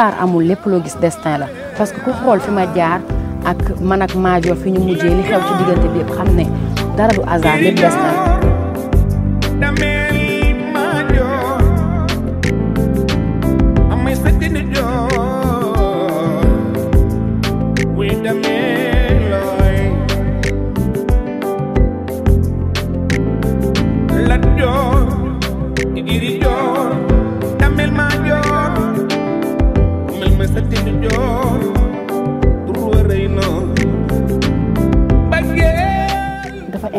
hasard amul lépp loo gis destin la parce que ku xool fi ma jaar ak man ak Madior fi ñu mujjee li xew ci diggante bi yëpp xam ne dara du hasard lépp destin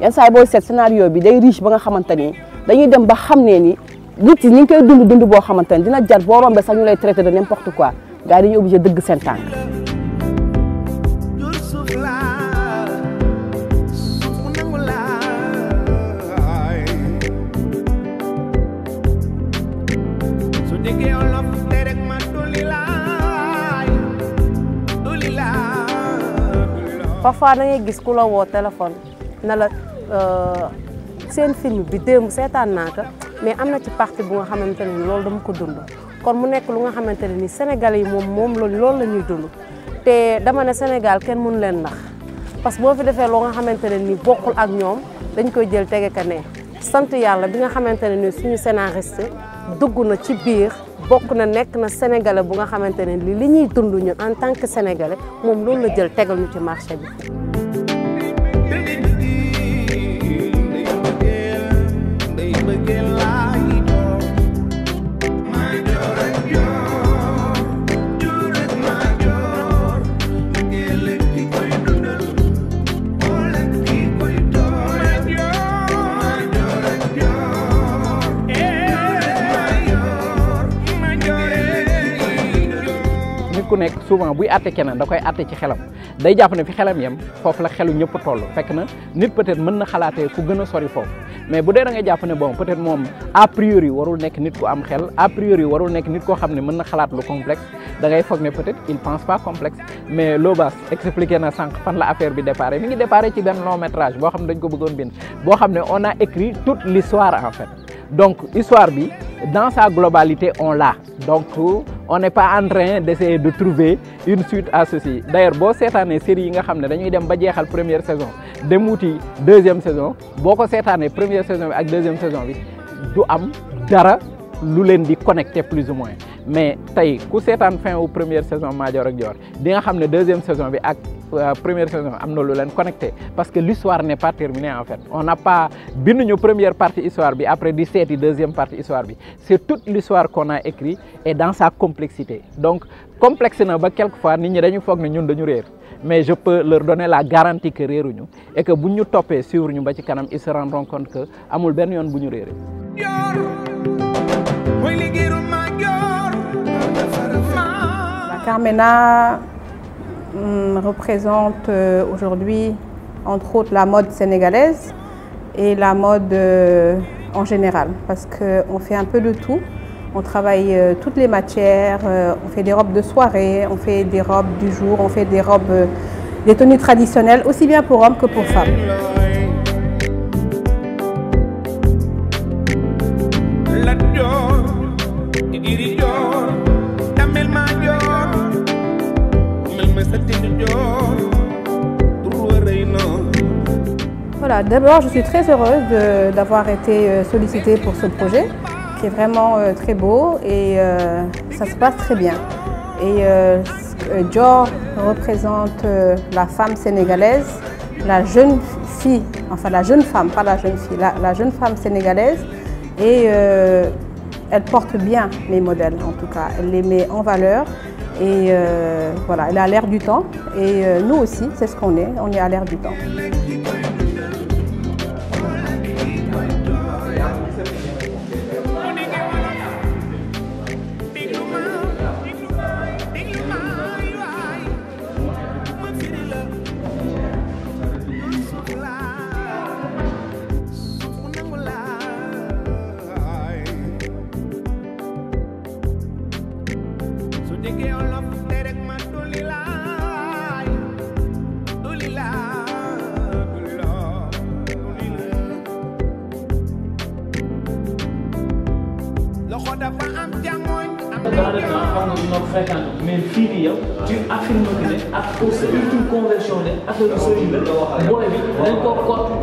yeen say yi set seet scénario bi day riche ba nga xamanteni dañuy dem ba xam ni nit ñi ngi koy dund dund bo xamanteni dina jar bo rombe sax ñu lay traiter de n'importe quoi gaay dañuy obligé deug sen tank fa fa da ngay gis ku la wo téléphone. na la euh, seen film bi démb seetaan naa ko mais am na ci partie bu nga xamante ne loolu dama ko dund kon mu nekk lu nga xamante ne ni Sénégalais yi moom moom loolu la ñuy dund te dama ne Sénégal kenn munu leen ndax parce que boo fi defee loo nga xamante ne ni bokkul ak ñoom dañ koy jël tege ka ne sant yàlla bi nga xamante ne ni suñu scénariste dugg na ci biir bokk na nekk na sénégalais bu nga xamante ne li li ñuy dund ñu en tant que sénégalais moom loolu la jël tegal ñu ci marché bi ku nekk souvent buy àtte keneen da koy àtte ci xelam day jàpp ne fi xelam yem foofu la xelu ñëpp toll fekk na nit peut-être mën na xalaatee ku gën a sori foofu mais bu dee da nga jàpp ne bon peut-être moom a priori warul nekk nit ku am xel a priori warul nekk nit koo xam ne mën na xalaat lu complexe da ngay foog ne peut-être il pense pas complexe mais Lobaas expliqué na sànq fan la affaire bi déparé mi ngi déparé ci benn long métrage boo xam ne dañ ko bëggoon a écrit toute l'histoire en donc histoire bi dans sa globalité on l'a donc on n'est pas en train d'essayer de trouver une suite à ceci d'ailleurs si cette série yi nga xam dañuy dem ba jéxal première saison dem deuxième saison Boko cette la première saison bi ak deuxième saison bi du am dara lu di plus ou moins mais tay, ku sétane fin au première saison Madior ak Dior di nga deuxième saison bi euh, première saison am na lu leen connecté parce que l'histoire n'est pas terminée en fait on n'a pas ñu première partie histoire bi après di seeti deuxième partie histoire bi c'est toute l'histoire qu'on a écrit et dans sa complexité donc complexe na ba quelquefois nit ñi dañu foog ne ñun dañu réer mais je peux leur donner la garantie que réeruñu et que si nous toppee suivre ñu ba ci kanam ils se rendront compte que amul benn yoon bu ñu Hum, représente euh, aujourd'hui, entre autres, la mode sénégalaise et la mode euh, en général, parce qu'on fait un peu de tout. On travaille euh, toutes les matières, on fait des robes de soirée, on fait des robes du jour, on fait des robes, des tenues traditionnelles, aussi bien pour hommes que pour femmes. D'abord, je suis très heureuse d'avoir été euh, sollicitée pour ce projet, qui est vraiment euh, très beau et euh, ça se passe très bien. Et Dior représente la femme sénégalaise, la jeune fille, enfin la jeune femme, pas la jeune fille, la, jeune femme sénégalaise. Et elle porte bien les modèles, en tout cas, elle les met en valeur. Et voilà, elle a l'air du temps. Et nous aussi, c'est ce qu'on est, on est à l'air du temps.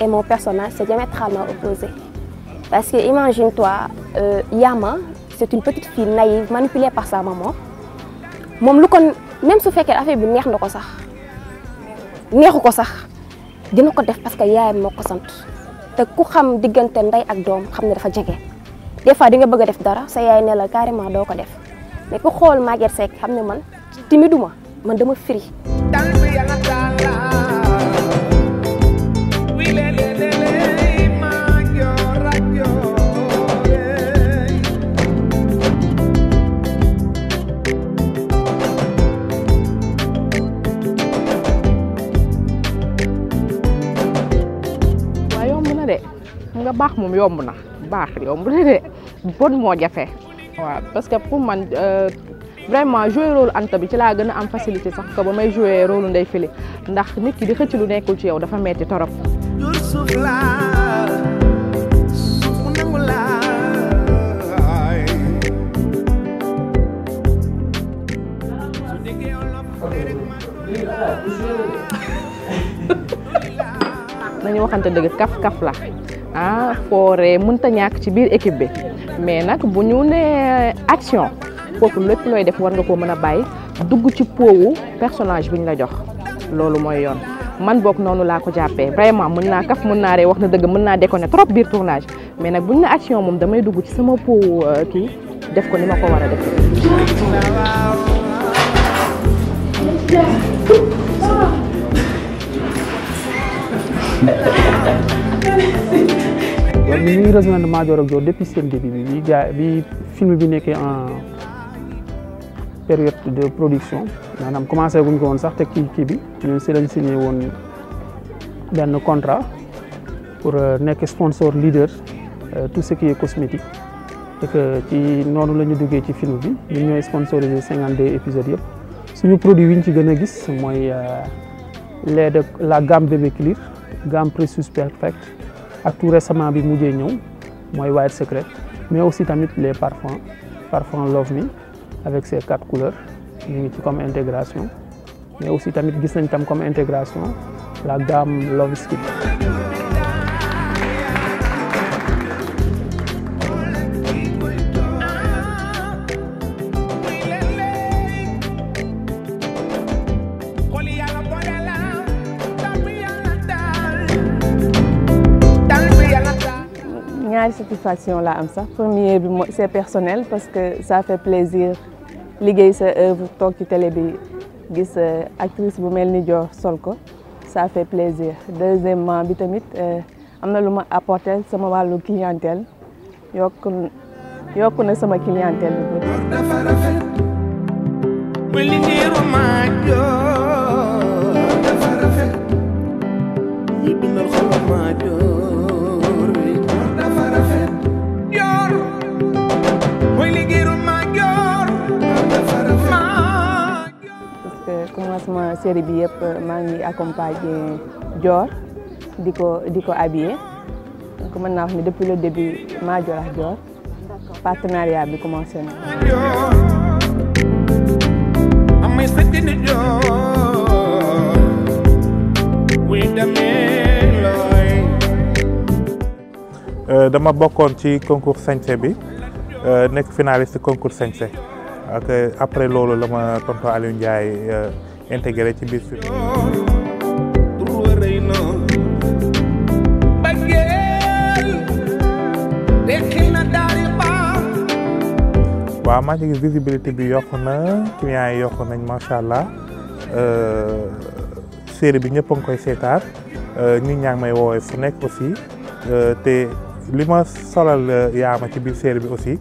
et mon personnage, c'est diamétralement opposé. Parce que imagine-toi, euh, Yama, c'est une petite fille naïve, manipulée par sa maman. Mom, même si elle a fait une merde, neexu ko sax dina ko def parce que yaayam moo ko te ku xam diggante nday ak doom xam ne dafa djégé des fois di nga bëgg def dara sa yaay ne la carrément doo ko def mais ku xool Maguette Seck xam ne man timiduma man dama firi de nga bax mom yomb na baax yomb na de bon mo jafé wa parce que pour man euh, vraiment jouer rôle Anta bi ci la gëna am facilité sax ko ba may jouer rôle ndey Fili ndax nit ki di xëcc lu nekkul ci yow dafa metti torop nañu waxante dëgg kaf kaf la ah foore mënta ñàkk ci biir équipe bi mais nag bu ñu nee action foofu lépp looy def war nga koo mën a bàyyi dugg ci poowu personnage bi ñu la jox loolu mooy yoon. man boog noonu laa ko jàppee vraiment mën naa kaf mën naa ree wax na dëgg mën naa ne trop biir tournage mais nag bu ñu ne action moom damay dugg ci sama poowu euh, kii def ko ni ma ko war a def. yow mi ñuy rejoindre Madior ak yow depuis seen début bi bi gaa bi film bi nekkee en période de production maanaam commencé guñ ko woon sax te kii kii bi ñun si lañ signé woon benn contrat pour euh, nekk sponsor leader euh, tout ce qui est cosmétique et que ci noonu lañu ñu duggee ci film bi ñun ñooy sponsorisé cinquante deux épisodes yëpp suñu produit yi ñu ci gën a gis mooy euh, lait de la gamme bébé clear nga am Precious Perfect ak tout récemment bi moi ñëw mooy White Secret mais aussi tamit les parfums parfum Love Me avec ses quatre couleurs ñu comme intégration mais aussi tamit gis nañ tam comme intégration la gamme Love Skip satisfaction là am premier c'est personnel parce que ça fait plaisir liggéey ce œuvre tant ci télé bi gis euh, actrice bu melni ni Dior ça fait plaisir deuxièmement bi tamit euh, am na lu ma apporter sama walu clientèle yok yokk na sama clientèle parce que commencement série bi yëpp euh, maa ngi accompagner Dior di ko di ko habillé donc mën naa wax ni depuis le début maa Dior ak partenariat bi commencé na. Euh, dama bokkoon ci concours sañse bi. Euh, nekk finaliste concours sañse ak euh, après loolu la ma tonton euh, intégré ci biir film waaw maa ngi visibilité bi yokku na clients yi yokku nañ macha allah série bi ñëpp a koy seetaar ñu ñaa ngi may woowee fu nekk aussi te li ma solal yaama ci biir série bi aussi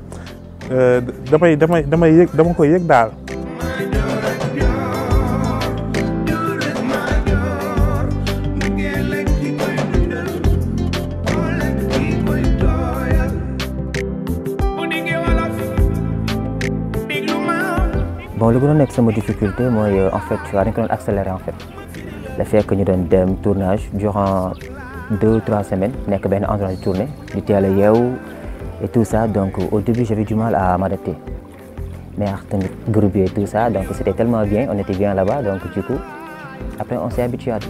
Euh, damay damay damay bon le gros a difficulté euh, en fait rien en fait le fait que nous tournage durant deux trois semaines que endroit de tourner et tout ça. Donc au début, j'avais du mal à m'adapter. Mais groupe et tout ça, donc c'était tellement bien, on était bien là-bas, donc du coup, après on s'est habitué à tout.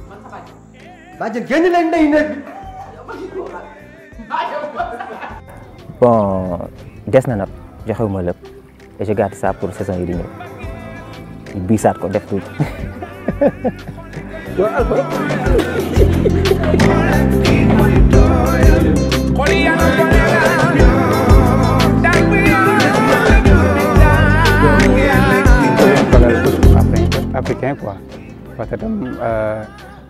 bàjjen génn leen ndey néeg bi bon des na nag joxewuma lépp et je garde ça pour saison yi di ñëw biisaat ko def tuuti africain quoi parce euh,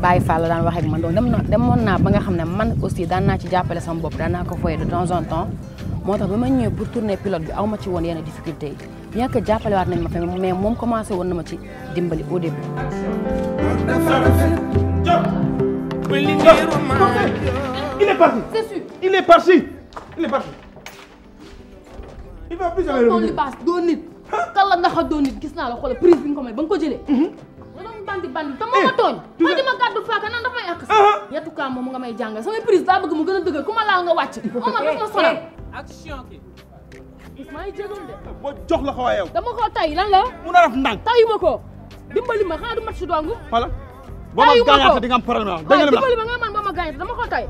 Baye Fall daan wax ak man donc dem na demoon naa ba xam ne man aussi daan naa ci jàppale sama daan naa ko de temps en temps moo tax ba ma ñëwee pour tourner pilote bi aw ma ci woon yenn difficulté yi bien que jàppale waat nañ ma tamit mais moom commencé woon na ma ci dimbali au doon nit. gis naa la xoolal prise ba ko jëlee. Mhm. doon bandi bandi te moo ma ma di ma faaka naan daf may àq si yetu kaa moom nga may jàngal samay prise bëgg mu nga action ki maa ngi de boo jox la ko dama koo tay lan la mu na raf ndànk tayu ma dimbali ma du dong ma di nga am da nga dimbali ma nga man boo ma gaañaat dama koo tay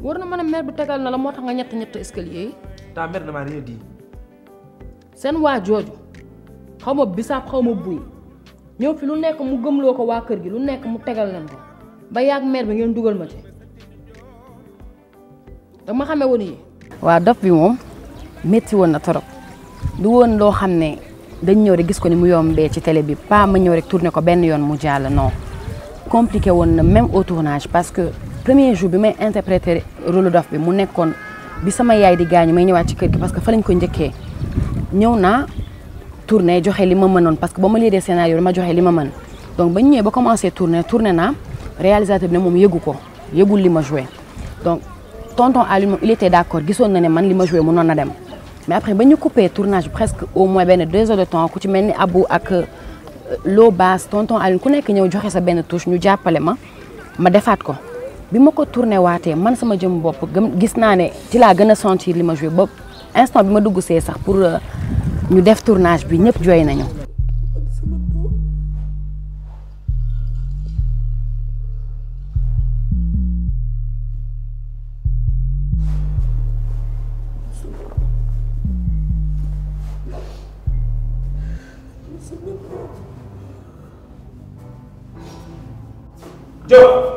bi mer bi tegal na la moo nga ñett ñett escalier eh. ta mer dama rien dit seen waa jooju xaw ma bisaab buy ñëw fi lu nekk mu gëmloo ko waa kër gi lu nekk mu tegal leen ba yàgg mère bi ngeen dugal ma ci dama xamee woon yi waa dof bi moom metti woon na torop du woon loo xam ne dañ ñëw rek gis ko ni mu yombee ci télé bi pas ma ñëw rek tourné ko benn yoon mu jàll non compliqué woon na même au tournage parce que premier jour bi may interpréter rôle dof bi mu nekkoon bi sama yaay di gaañu may ñëwaat ci kër gi parce que fa lañ ko njëkkee ñëw naa tourné joxe li ma mënoon parce que bama ma scénario dama joxe li ma donc ba ñëw ba commencé tourner tourner na réalisateur bi ne moom yëgu ko yëgul li ma joué donc tonton Ali il était d'accord accord na né man li ma joué mënoon na dem mais après ba ñu couper tournage presque au moins ben deux heures de temps ku ci melni ni Abou ak euh, loo bass tonton Ali ku nekk ñëw joxe sa ben touche ñu jappalé ma ma defaat ko bi ma ko tourner waté man sama jëm bop gis na né ci la gëna sentir li ma joué bop instant bi ma dugg sé sax pour euh, ñu def tournage bi ñëpp jooy nañu. Jóg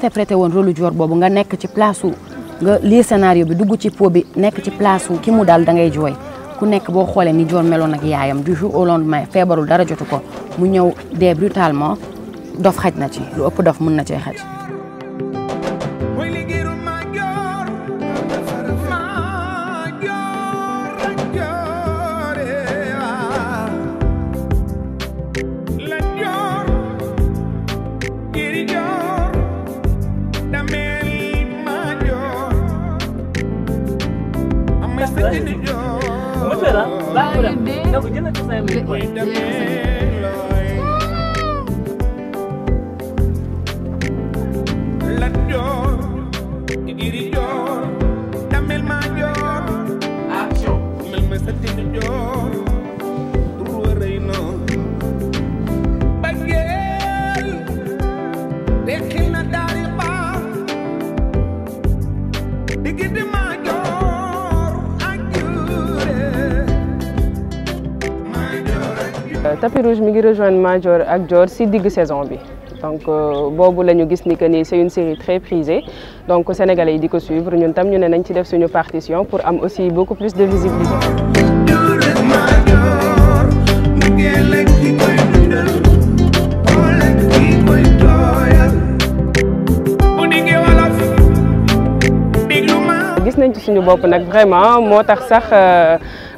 interprété woon rôle joor boobu nga nekk ci place su nga lire scénario bi dugg ci po bi nekk ci place su ki mu daal da ngay jooy ku nekk boo xoolee ni joor meloon ak yaayam du jour au lendemain feebarul dara jotu ko mu ñëw dee brutalement dof xaj na ci lu ëpp dof mun na cee xaj. Orange mi ngi rejoindre Madior ak Dior si digg saison bi donc euh, bobu la ñu gis ni que ni c'est une série très prisée donc sénégalais yi di ko suivre ñun tam ñu ne nañ ci def suñu partition pour am aussi beaucoup plus de visibilité. gis nañ ci suñu bopp nag vraiment moo tax sax. Euh,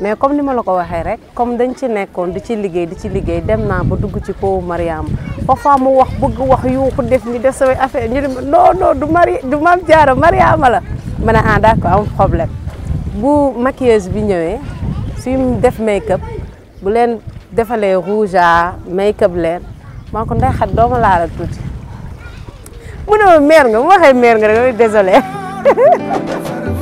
mais comme ni ma la ko waxee rek comme dañ ci nekkoon di ci liggéey di ci liggéey dem naa ba dugg ci kawu Mariam parfois mu wax bëgg wax yuuxu def ni def samay affaire ñu ne non non du mari du Mame Diarra Mariama la ma ne ah d'accord am problème bu maquilleuse bi ñëwee suy def make bu leen defalee rouge à make leen maa ko ndax xat dooma laala tuuti mu ne ma meer nga mu waxee meer nga rek désolé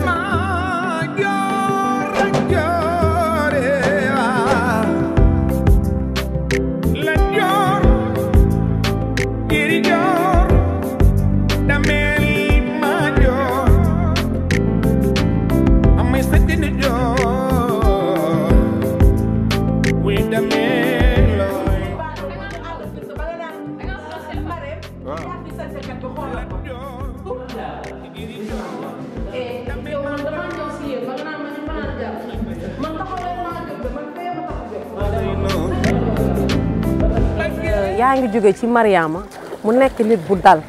jóge ci Mariama mu nekk nit bu dal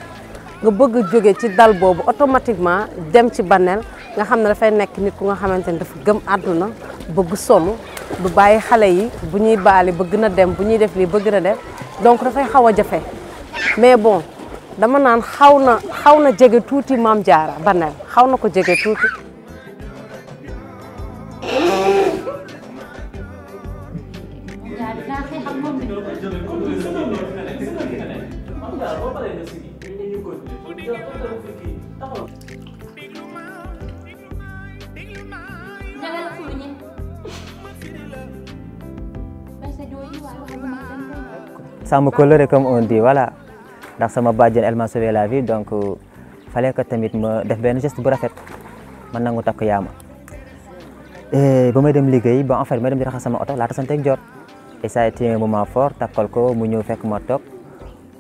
nga bëgg jóge ci dal boobu automatiquement dem ci baneel nga xam ne dafay nekk nit ku nga xamante ni dafa gëm àdduna bëgg solu du bàyyi xale yi bu ñuy baali bëgg na dem bu ñuy def lii bëgg na dem donc dafay xaw a jafe mais bon dama naan xaw na xaw na jege tuuti Maam Jaara Banel xaw na ko jege tuuti يعني ده في sama coloré comme on dit voilà ndax sama bàjjen elle m'a sauvé la vie donc fallait que tamit ma def benn geste bu rafet man nangu takk yaama ba may dem liggéey ba en fait may dem di raxas sama oto laata sante ak jot et ça a été un moment takkal ko mu ñëw fekk ma toog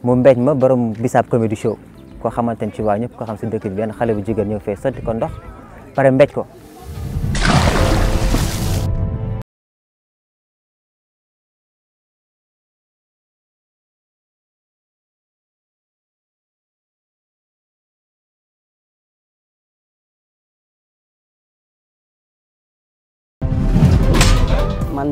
mu mbéj ma borom bisaab comédie show koo xamante ni ci waa ñëp ko xam si dëkk bi benn xale bu jigéen ñëw fee sotti ko ndox pare mbej ko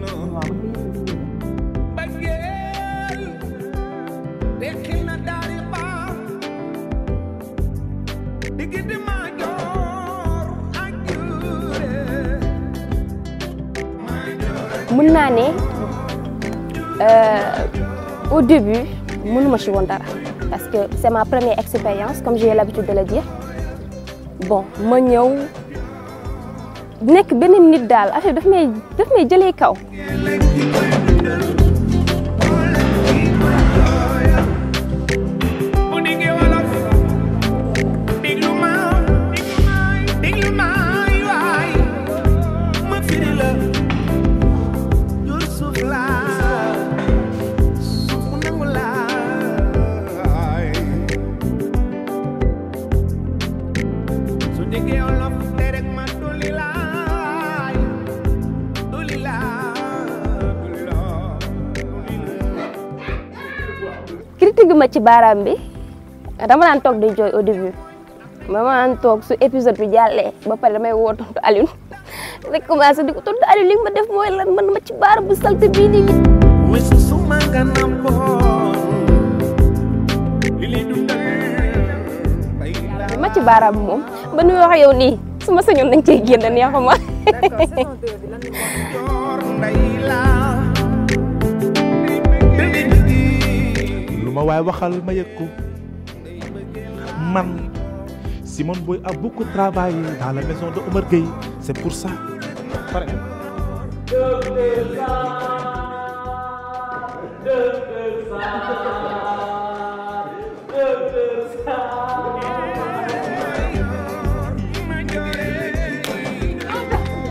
mën naa ne euh, au début mënuma ci woon dara parce que c'est ma première expérience comme j'ai l'habitude de le dire bon ma ñëw nekk beneen nit daal affaire daf may daf may jëlee kaw let you teguma ci baram bi dama nan tok di joy au début mama nan tok su épisode bi jàllee ba paré damay wo tontu Aliou rek commencé diko ko tontu Aliou li ma def moy lan man ma ci baar bu salté bi ni wésu suma nga li lay dundal. ma ci baram mom ba nu wax yow ni suma sañoon nañ cee génn neexuma. d'accord ma waaye waxal ma man Simon Boy a beaucoup travaillé dans la maison de Omar gay c'est pour ça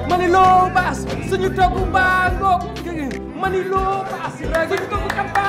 Manilo pas, senyum tak baa kok. Manilo pas, baas tak togg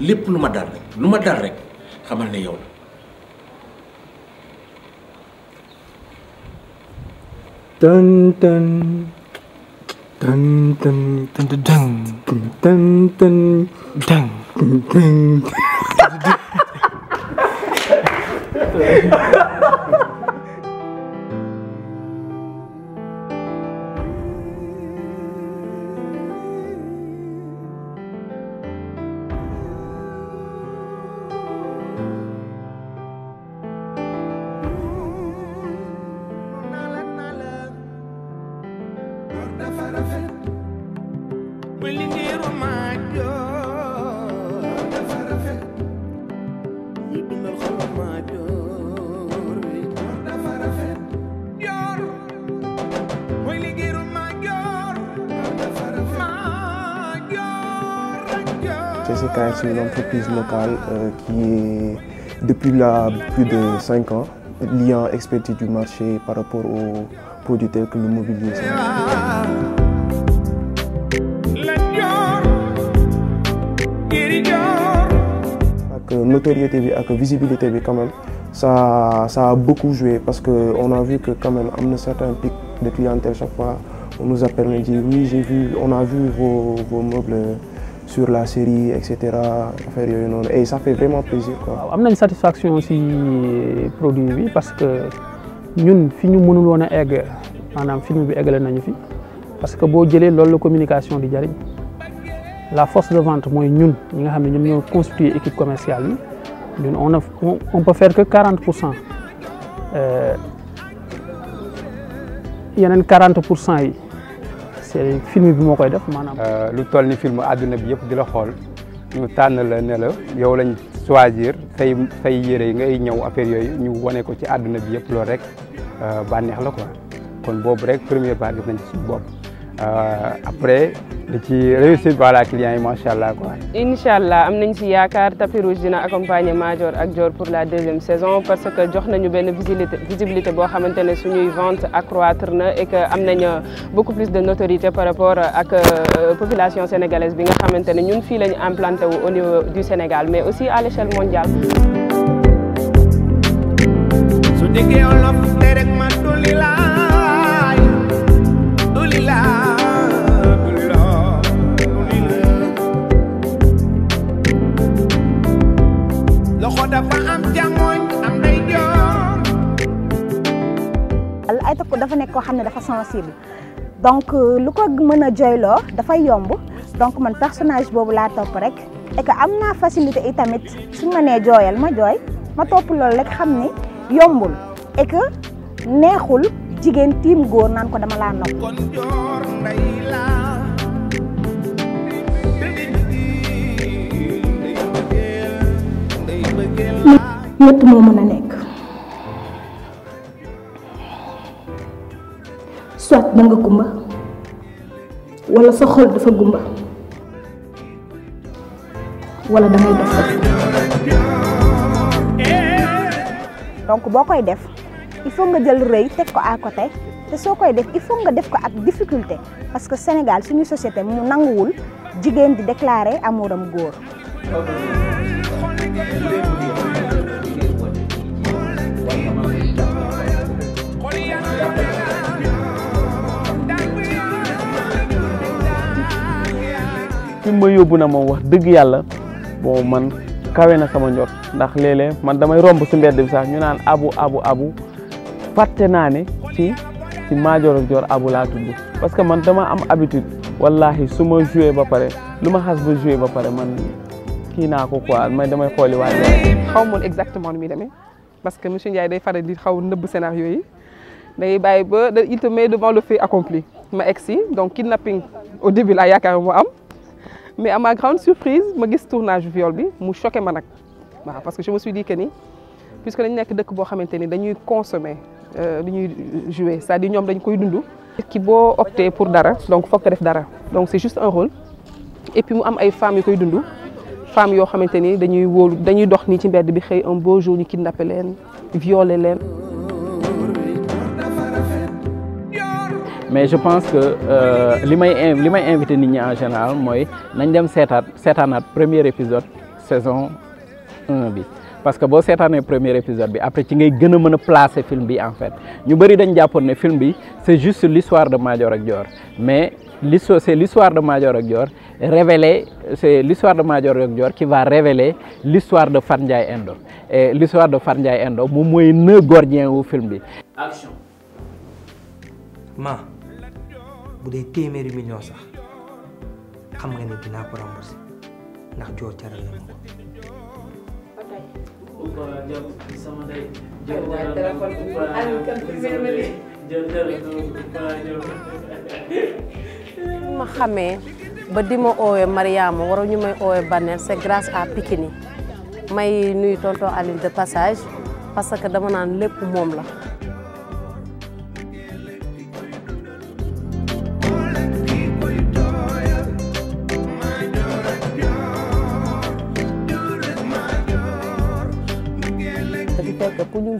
lip luma ma dal rek luma rek xamal ne yow tan tan tan tan tan tan tan tan tan tan tan c'est une entreprise locale euh, qui est depuis plus de 5 ans liant expertise du marché par rapport aux produits tels que le mobilier. Avec euh, notoriété avec visibilité quand même, ça, a beaucoup joué parce qu'on a vu que quand même, on a certains pics de clientèle chaque fois. On nous a permis de dire oui, j'ai vu, on a vu vos meubles sur la série, etc. Et ça fait vraiment plaisir. Quoi. On a une satisfaction aussi produit parce que nous, si nous pouvons faire, on a film parce que si gérer avez la communication, la force de vente, moi, nous, nous avons constitué l'équipe commerciale. on ne peut faire que 40%. il y en a 40% c'est film bi moo koy def maanaam. Euh, lu toll ni film àdduna bi yëpp di la xool ñu tànn la ne la yow lañ choisir say say yëre yi ngay ñëw affaire yooyu ñu wane ko ci àdduna bi yëpp lool rek euh, bànneex la ko kon boobu rek première part gis nañ ci suñu bopp. Euh, après de ci réussir par la inchallah Inch'Allah, quoi. inchallah amnañ ci tapis rouge dina ak pour la deuxième saison parce que jox nañu une visibilité visibilité bo xamantene suñuy vente accroître na et que amnañ beaucoup plus de notoriété par rapport à la euh, population sénégalaise bi nga xamantene ñun fi lañu implanté au niveau du Sénégal mais aussi à l'échelle mondiale. moo dafa am jàngooñ am day joor ay takku dafa nekk koo xam ne dafa sensible donc euh, lu ko mën a joyloo dafay yomb donc man personnage boobu laa topp rek et am na facilité i tamit suñ ma nee jooyal ma jooy ma topp loolu rek xam ni yombul et que neexul jigéen tiim góor naan ko dama laa nopp lépp mo meuna nek soit da nga gumba wala sa xol dafa gumba wala da ngay def donc bokoy def il faut nga jël reuy tek ko a côté te sokoy def il faut nga def ko ak difficulté parce que Sénégal suñu société mu nanguwul jigen di déclarer amuram góor أنا مو دغ يالا بو مان كاوينا سما نيوت نдах ليله مان داماي رومب سي مبد بي صاح ني نان ابو ابو ابو فاتناني تي تي ماجور جور ابو لا تود باسكو مان داما ام ابيتود والله سوما جوي با بار لوما خاص با جوي با بار مان كي ناكو كوا ماي داماي خولي واد خاومون اكزاكتمون مي دامي باسكو مسيو نجاي داي فاري دي خاو نوب سيناريو يي داي باي با دا ايتو مي دو مالو في اكومبلي ما اكسي دونك كيدنابينغ au début là yakar mo am mais à ma grande surprise ma le tournage viol bi choqué parce que je me suis dit que puisque dañ qui euh, c'est-à-dire dañ koy pour dara donc faut qu'elle def dara donc c'est juste un rôle et puis y am des femmes yu koy Des femmes qui dañuy un beau jour kidnappé violer violé mais je pense que ce euh, que invité en général c'est de dem le premier épisode saison 1 parce que année, le premier épisode bi après ci ngay gën a film bi en fait ñu film c'est juste l'histoire de Major ak Dior mais c'est l'histoire de Major ak Dior c'est l'histoire de qui va révéler l'histoire de Farnjai Endo et l'histoire de Farnjai Endo c'est le nœud gordien du film bi action ma bu dee téeméeri ma ko ma xamee ba di ma oowee Mariama waru ñu may oowee Banel c'est grâce à Pikini may nuyu tonton Aline de passage parce que dama naan lépp moom la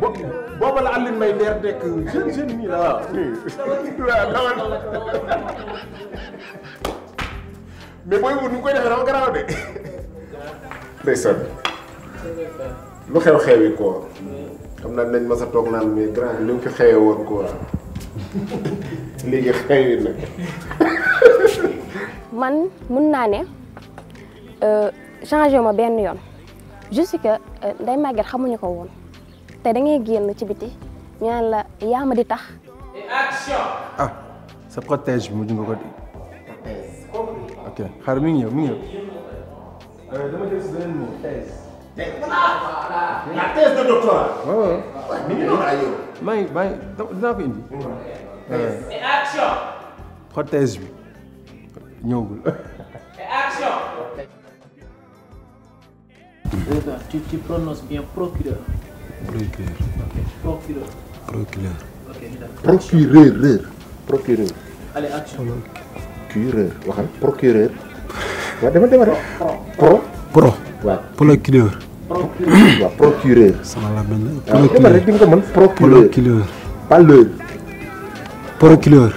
bo booba la Alioune Mbaye Nder nekk jeune jeune nii la waaw. waaw mais booy wut nu koy defee dafa garaaw de. lu xew xewi ko xam naa nañ mas a toog naan mais grand li mu fi xewi na. man mun naa ne euh, changé ma benn yoon juste que euh, Ndeye Maguette xamuñu ko woon. te da ngay génn ci biti ñu la yaa ma di tax. action. ah sa protège mujj nga ko ok xaar mi ngi ñëw mi ngi ñëw. Eh, dama jël si beneen mot thèse. la thèse de doctorat. Ah, waaw ah. mi ngi noonu ay yow. maa ngi maa ngi dinaa ko eh. action. protège bi ñëwagul. action. Tu, tu prononces bien procureur. procureur. procureur. procureur. procureur. procureur. allez action. procureur waxal procureur. waaw dama dama pro. pro waaw procureur. procureur waaw procureur. sama la mel ne. procureur waaw dama ne di nga ko mën procureur. procureur. pas l'heure. procureur.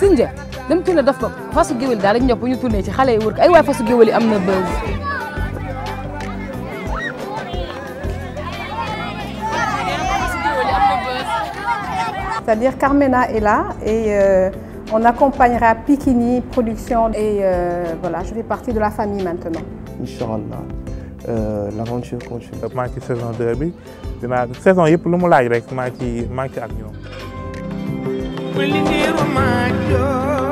Sinja dem tourné daf ko fasu géwél daal dañu ñop bu ñu tourné ci xalé yi wër ay waay fasu géwél yi am na buzz. C'est-à-dire Carmena est là et euh, on accompagnera Pikini Production et euh, voilà, je fais partie de la famille maintenant. Inch'Allah. Euh, l'aventure continue. maa ngi ci saison 2 bi dinaa saison yëpp lu mu laaj rek maa ngi ci maa ngi ci ak ñoom. Will you never mind,